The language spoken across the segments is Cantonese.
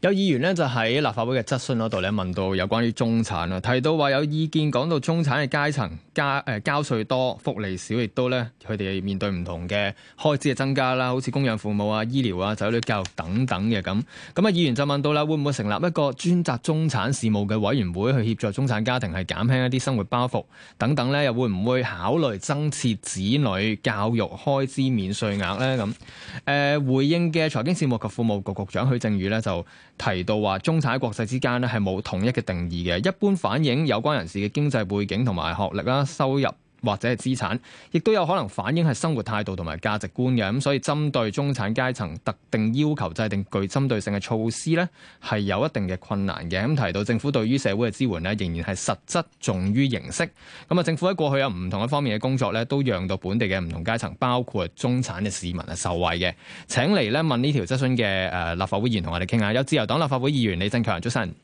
有議員咧就喺立法會嘅質詢嗰度咧問到有關於中產啦，提到話有意見講到中產嘅階層加交誒交稅多、福利少，亦都咧佢哋面對唔同嘅開支嘅增加啦，好似供養父母啊、醫療啊、子女教育等等嘅咁。咁啊，議員就問到啦，會唔會成立一個專責中產事務嘅委員會去協助中產家庭係減輕一啲生活包袱等等咧？又會唔會考慮增設子女教育開支免稅額咧？咁回應嘅財經事務及服務局局長許正宇咧就。提到話，中產國際之間咧係冇統一嘅定義嘅，一般反映有關人士嘅經濟背景同埋學歷啦、收入。或者係資產，亦都有可能反映係生活態度同埋價值觀嘅。咁，所以針對中產階層特定要求制定具針對性嘅措施咧，係有一定嘅困難嘅。咁提到政府對於社會嘅支援咧，仍然係實質重於形式。咁啊，政府喺過去有唔同一方面嘅工作咧，都讓到本地嘅唔同階層，包括中產嘅市民係受惠嘅。請嚟咧問呢條質詢嘅誒立法會議員同我哋傾下，有自由黨立法會議員李鎮強，早晨。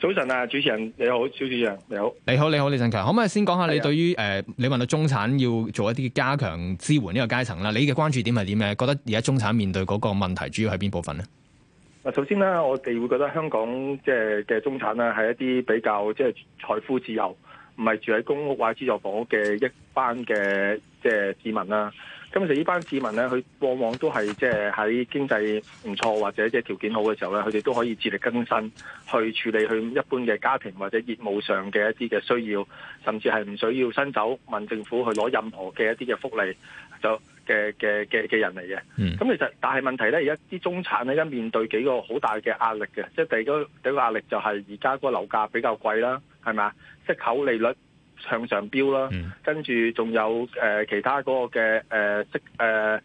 早晨啊，主持人你好，小主持人，你好，你好你好李鎮強，可唔可以先講下你對於誒、呃、你問到中產要做一啲加強支援呢個階層啦？你嘅關注點係點咧？覺得而家中產面對嗰個問題主要係邊部分咧？嗱，首先咧，我哋會覺得香港即係嘅中產啦，係一啲比較即係財富自由，唔係住喺公屋或者資助房屋嘅一班嘅即係市民啦。咁其實呢班市民咧，佢往往都係即係喺經濟唔錯或者即係條件好嘅時候咧，佢哋都可以自力更生，去處理佢一般嘅家庭或者業務上嘅一啲嘅需要，甚至係唔需要伸手問政府去攞任何嘅一啲嘅福利，就嘅嘅嘅嘅人嚟嘅。咁其實，但係問題咧，而家啲中產咧，而家面對幾個好大嘅壓力嘅，即係第一個第一個壓力就係而家嗰個樓價比較貴啦，係咪啊？息口利率。向上飆啦，跟住仲有誒、呃、其他嗰個嘅誒即誒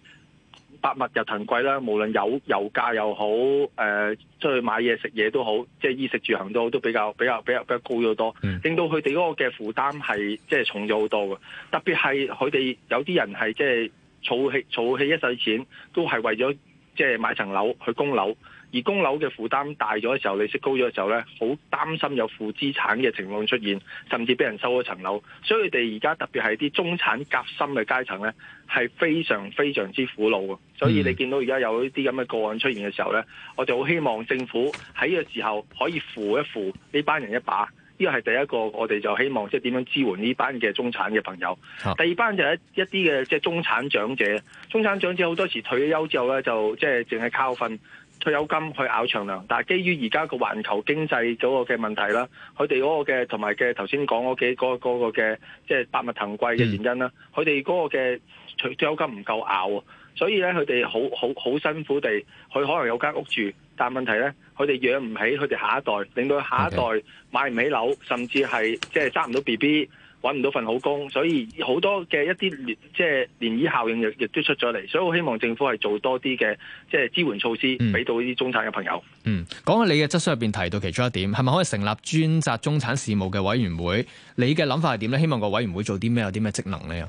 百物日騰貴啦，無論有油價又好，誒、呃、出去買嘢食嘢都好，即係衣食住行都好，都比較比較比較比較高咗多、嗯，令到佢哋嗰個嘅負擔係即係重咗好多嘅，特別係佢哋有啲人係即係儲起儲起一世錢，都係為咗。即係買層樓去供樓，而供樓嘅負擔大咗嘅時候，利息高咗嘅時候咧，好擔心有負資產嘅情況出現，甚至俾人收咗層樓。所以佢哋而家特別係啲中產夾心嘅階層咧，係非常非常之苦惱。所以你見到而家有呢啲咁嘅個案出現嘅時候咧，我哋好希望政府喺呢個時候可以扶一扶呢班人一把。呢個係第一個，我哋就希望即係點樣支援呢班嘅中產嘅朋友。第二班就係一一啲嘅即係中產長者，中產長者好多時退休之後咧，就即係淨係靠份退休金去咬長糧。但係基於而家個環球經濟嗰個嘅問題啦，佢哋嗰個嘅同埋嘅頭先講嗰幾個、嗰個嘅即係百物騰貴嘅原因啦，佢哋嗰個嘅退休金唔夠咬啊。所以咧，佢哋好好好辛苦地，佢可能有間屋住，但問題咧，佢哋養唔起佢哋下一代，令到下一代買唔起樓，甚至係即係生唔到 BB，搵唔到份好工，所以好多嘅一啲即係漣漪效應亦亦都出咗嚟。所以我希望政府係做多啲嘅即係支援措施，俾到呢啲中產嘅朋友。嗯，講、嗯、下你嘅質詢入邊提到其中一點，係咪可以成立專責中產事務嘅委員會？你嘅諗法係點咧？希望個委員會做啲咩？有啲咩職能咧？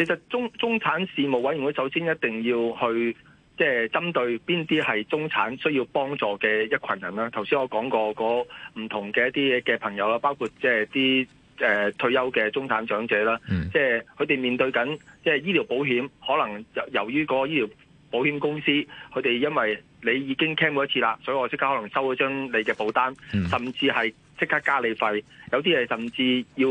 其實中中產事務委員會，首先一定要去即係針對邊啲係中產需要幫助嘅一群人啦。頭先我講過個唔同嘅一啲嘅朋友啦，包括即係啲誒退休嘅中產長者啦，即係佢哋面對緊即係醫療保險，可能由由於嗰個醫療保險公司，佢哋因為你已經 claim 過一次啦，所以我即刻可能收咗張你嘅保單，mm. 甚至係即刻加你費，有啲係甚至要。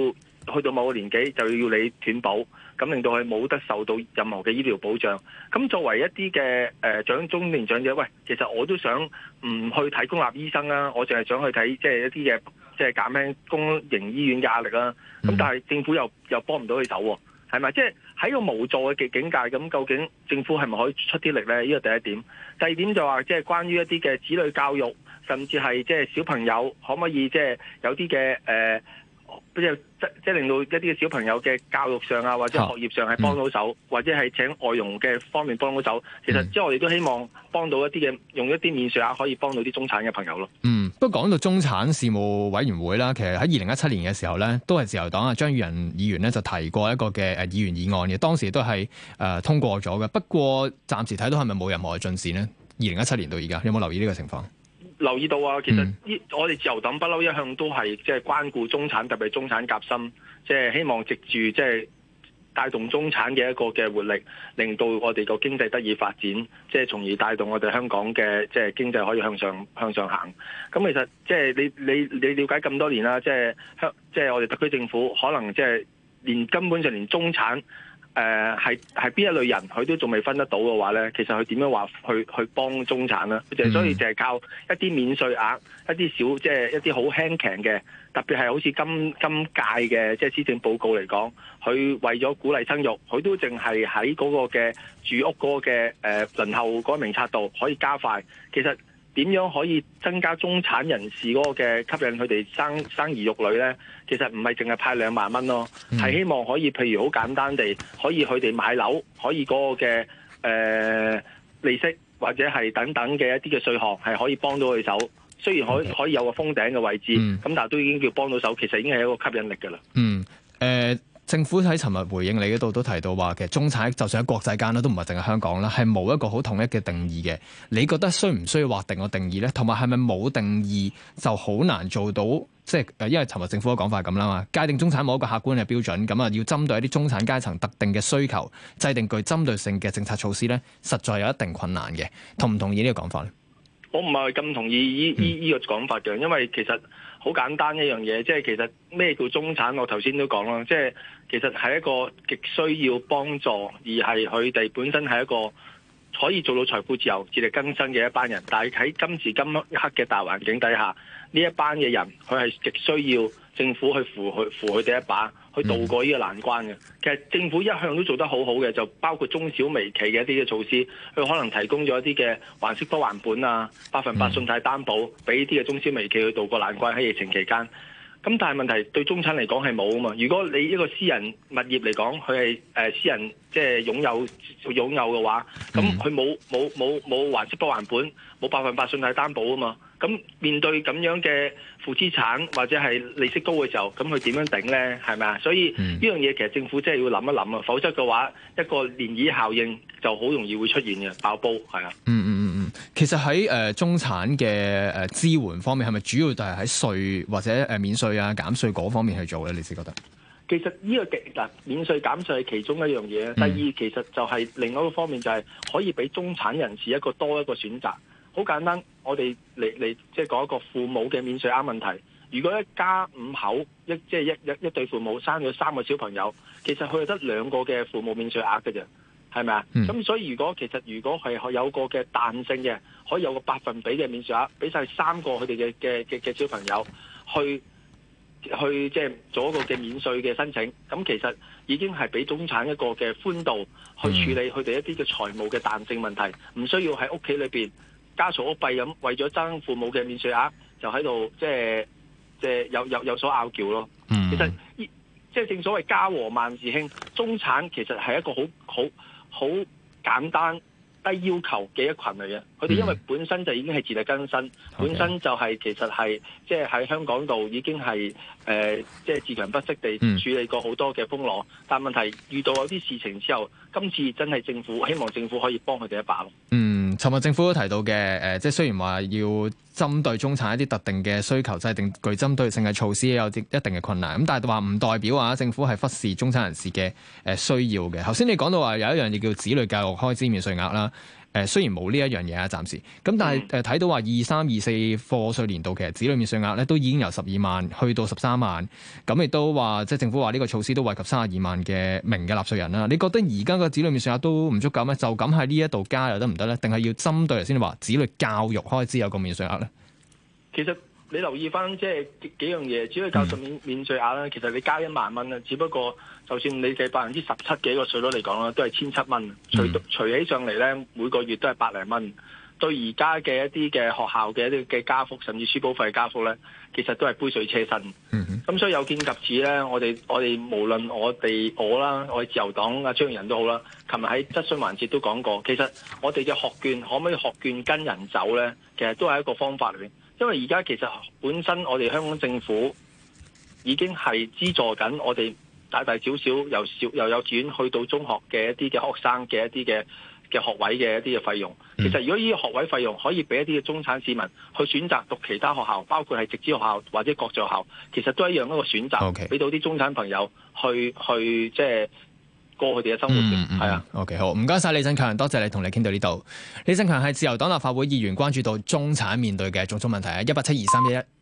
去到某個年紀就要你斷保，咁令到佢冇得受到任何嘅醫療保障。咁作為一啲嘅誒長中年長者，喂，其實我都想唔去睇公立醫生啦、啊，我淨係想去睇即係一啲嘅即係減輕公營醫院嘅壓力啦、啊。咁但係政府又又幫唔到佢手，係咪？即係喺個無助嘅境境界，咁究竟政府係咪可以出啲力咧？呢個第一點。第二點就話即係關於一啲嘅子女教育，甚至係即係小朋友可唔可以即係有啲嘅誒？呃即即係令到一啲嘅小朋友嘅教育上啊，或者學業上係幫到手，嗯、或者係請外傭嘅方面幫到手。嗯、其實即係我哋都希望幫到一啲嘅用一啲面啊，可以幫到啲中產嘅朋友咯。嗯，不過講到中產事務委員會啦，其實喺二零一七年嘅時候咧，都係自由黨啊張宇人議員咧就提過一個嘅議員議案嘅，當時都係誒通過咗嘅。不過暫時睇到係咪冇任何嘅進展呢？二零一七年到而家有冇留意呢個情況？留意到啊，其實我哋自由黨不嬲，一向都係即係關顧中產，特別係中產夾心，即係希望藉住即係帶動中產嘅一個嘅活力，令到我哋個經濟得以發展，即係從而帶動我哋香港嘅即係經濟可以向上向上行。咁其實即係你你你了解咁多年啦，即係香即係我哋特區政府，可能即係連根本上連中產。誒係係邊一類人，佢都仲未分得到嘅話咧，其實佢點樣話去去幫中產咧？就所以就係靠一啲免稅額、一啲小即係、就是、一啲好輕騎嘅，特別係好似今今屆嘅即係施政報告嚟講，佢為咗鼓勵生育，佢都淨係喺嗰個嘅住屋嗰個嘅誒、呃、輪候嗰名冊度可以加快，其實。點樣可以增加中產人士嗰個嘅吸引佢哋生生兒育女呢？其實唔係淨係派兩萬蚊咯，係、嗯、希望可以，譬如好簡單地可以佢哋買樓，可以嗰個嘅誒、呃、利息或者係等等嘅一啲嘅稅項係可以幫到佢手。雖然可以可以有個封頂嘅位置，咁、嗯、但係都已經叫幫到手，其實已經係一個吸引力㗎喇。嗯，誒、呃。政府喺尋日回應你嗰度都提到話，其實中產就算喺國際間咧，都唔係淨係香港啦，係冇一個好統一嘅定義嘅。你覺得需唔需要劃定個定義咧？同埋係咪冇定義就好難做到？即係因為尋日政府嘅講法咁啦嘛，界定中產冇一個客觀嘅標準，咁啊要針對一啲中產階層特定嘅需求，制定具針對性嘅政策措施咧，實在有一定困難嘅。同唔同意呢個講法咧？我唔係咁同意依依依個講法嘅，因為其實好簡單一樣嘢，即係其實咩叫中產，我頭先都講啦，即係其實係一個極需要幫助，而係佢哋本身係一個可以做到財富自由、自力更生嘅一班人，但係喺今時今刻嘅大環境底下，呢一班嘅人佢係極需要政府去扶去扶佢哋一把。去渡過呢個難關嘅，其實政府一向都做得好好嘅，就包括中小微企嘅一啲嘅措施，佢可能提供咗一啲嘅還息不還本啊，百分百信貸擔保，俾啲嘅中小微企去渡過難關喺疫情期間。咁但係問題對中產嚟講係冇啊嘛，如果你一個私人物業嚟講，佢係誒私人即係擁有擁有嘅話，咁佢冇冇冇冇還息不還本，冇百分百信貸擔保啊嘛。咁面對咁樣嘅負資產或者係利息高嘅時候，咁佢點樣頂咧？係咪啊？所以呢、嗯、樣嘢其實政府真係要諗一諗啊！否則嘅話，一個漣漪效應就好容易會出現嘅爆煲，係啊。嗯嗯嗯嗯，其實喺誒、呃、中產嘅誒、呃、支援方面，係咪主要就係喺稅或者誒免稅啊減稅嗰方面去做咧？你先覺得？其實呢、這個極嗱、呃，免稅減稅係其中一樣嘢、嗯。第二，其實就係另外一個方面，就係可以俾中產人士一個多一個選擇。好簡單，我哋嚟嚟即係講一個父母嘅免稅額問題。如果一家五口，一即係、即係、一一，一對父母生咗三個小朋友，其實佢係得兩個嘅父母免稅額嘅啫，係咪啊？咁、嗯、所以如果其實如果係有個嘅彈性嘅，可以有個百分比嘅免稅額，俾晒三個佢哋嘅嘅嘅嘅小朋友去去即係做一個嘅免稅嘅申請。咁其實已經係俾中產一個嘅寬度去處理佢哋一啲嘅財務嘅彈性問題，唔需要喺屋企裏邊。家嘈屋閉咁，為咗爭父母嘅免稅額，就喺度即係即係有有有所拗撬咯、嗯。其實，即係正所謂家和萬事興。中產其實係一個好好好簡單低要求嘅一群嚟嘅。佢哋因為本身就已經係自力更生，okay. 本身就係、是、其實係即係喺香港度已經係誒、呃、即係自強不息地處理過好多嘅風浪、嗯。但問題遇到有啲事情之後，今次真係政府希望政府可以幫佢哋一把咯。嗯尋日政府都提到嘅，誒，即係雖然話要針對中產一啲特定嘅需求制定具針對性嘅措施，有啲一定嘅困難。咁但係話唔代表話政府係忽視中產人士嘅誒需要嘅。頭先你講到話有一樣嘢叫子女教育開支免稅額啦。誒雖然冇呢一樣嘢啊，暫時咁，但係誒睇到話二三二四課稅年度其實子女免稅額咧都已經由十二萬去到十三萬，咁亦都話即係政府話呢個措施都惠及三十二萬嘅名嘅納稅人啦。你覺得而家個子女免稅額都唔足夠咩？就咁喺呢一度加油得唔得咧？定係要針對頭先你話子女教育開支有個免稅額咧？其實。你留意翻即係幾樣嘢，只要教術免免稅額啦。其實你交一萬蚊，只不過就算你計百分之十七幾個稅率嚟講啦，都係千七蚊。除除起上嚟咧，每個月都係百零蚊。對而家嘅一啲嘅學校嘅一啲嘅加幅，甚至書簿費加幅咧，其實都係杯水車薪。咁、嗯、所以有見及此咧，我哋我哋無論我哋我啦，我哋自由黨啊張人都好啦。琴日喺質詢環節都講過，其實我哋嘅學券可唔可以學券跟人走咧？其實都係一個方法嚟嘅。因為而家其實本身我哋香港政府已經係資助緊我哋大大小小，由小由幼稚園去到中學嘅一啲嘅學生嘅一啲嘅嘅學位嘅一啲嘅費用。其實如果呢啲學位費用可以俾一啲嘅中產市民去選擇讀其他學校，包括係直資學校或者國際學校，其實都係一樣一個選擇，俾、okay. 到啲中產朋友去去即係。過佢哋嘅生活嘅，係、嗯嗯、啊，OK，好，唔該晒李鎮強，多謝,謝你同你哋傾到呢度。李鎮強係自由黨立法會議員，關注到中產面對嘅種種問題啊！一八七二三一一。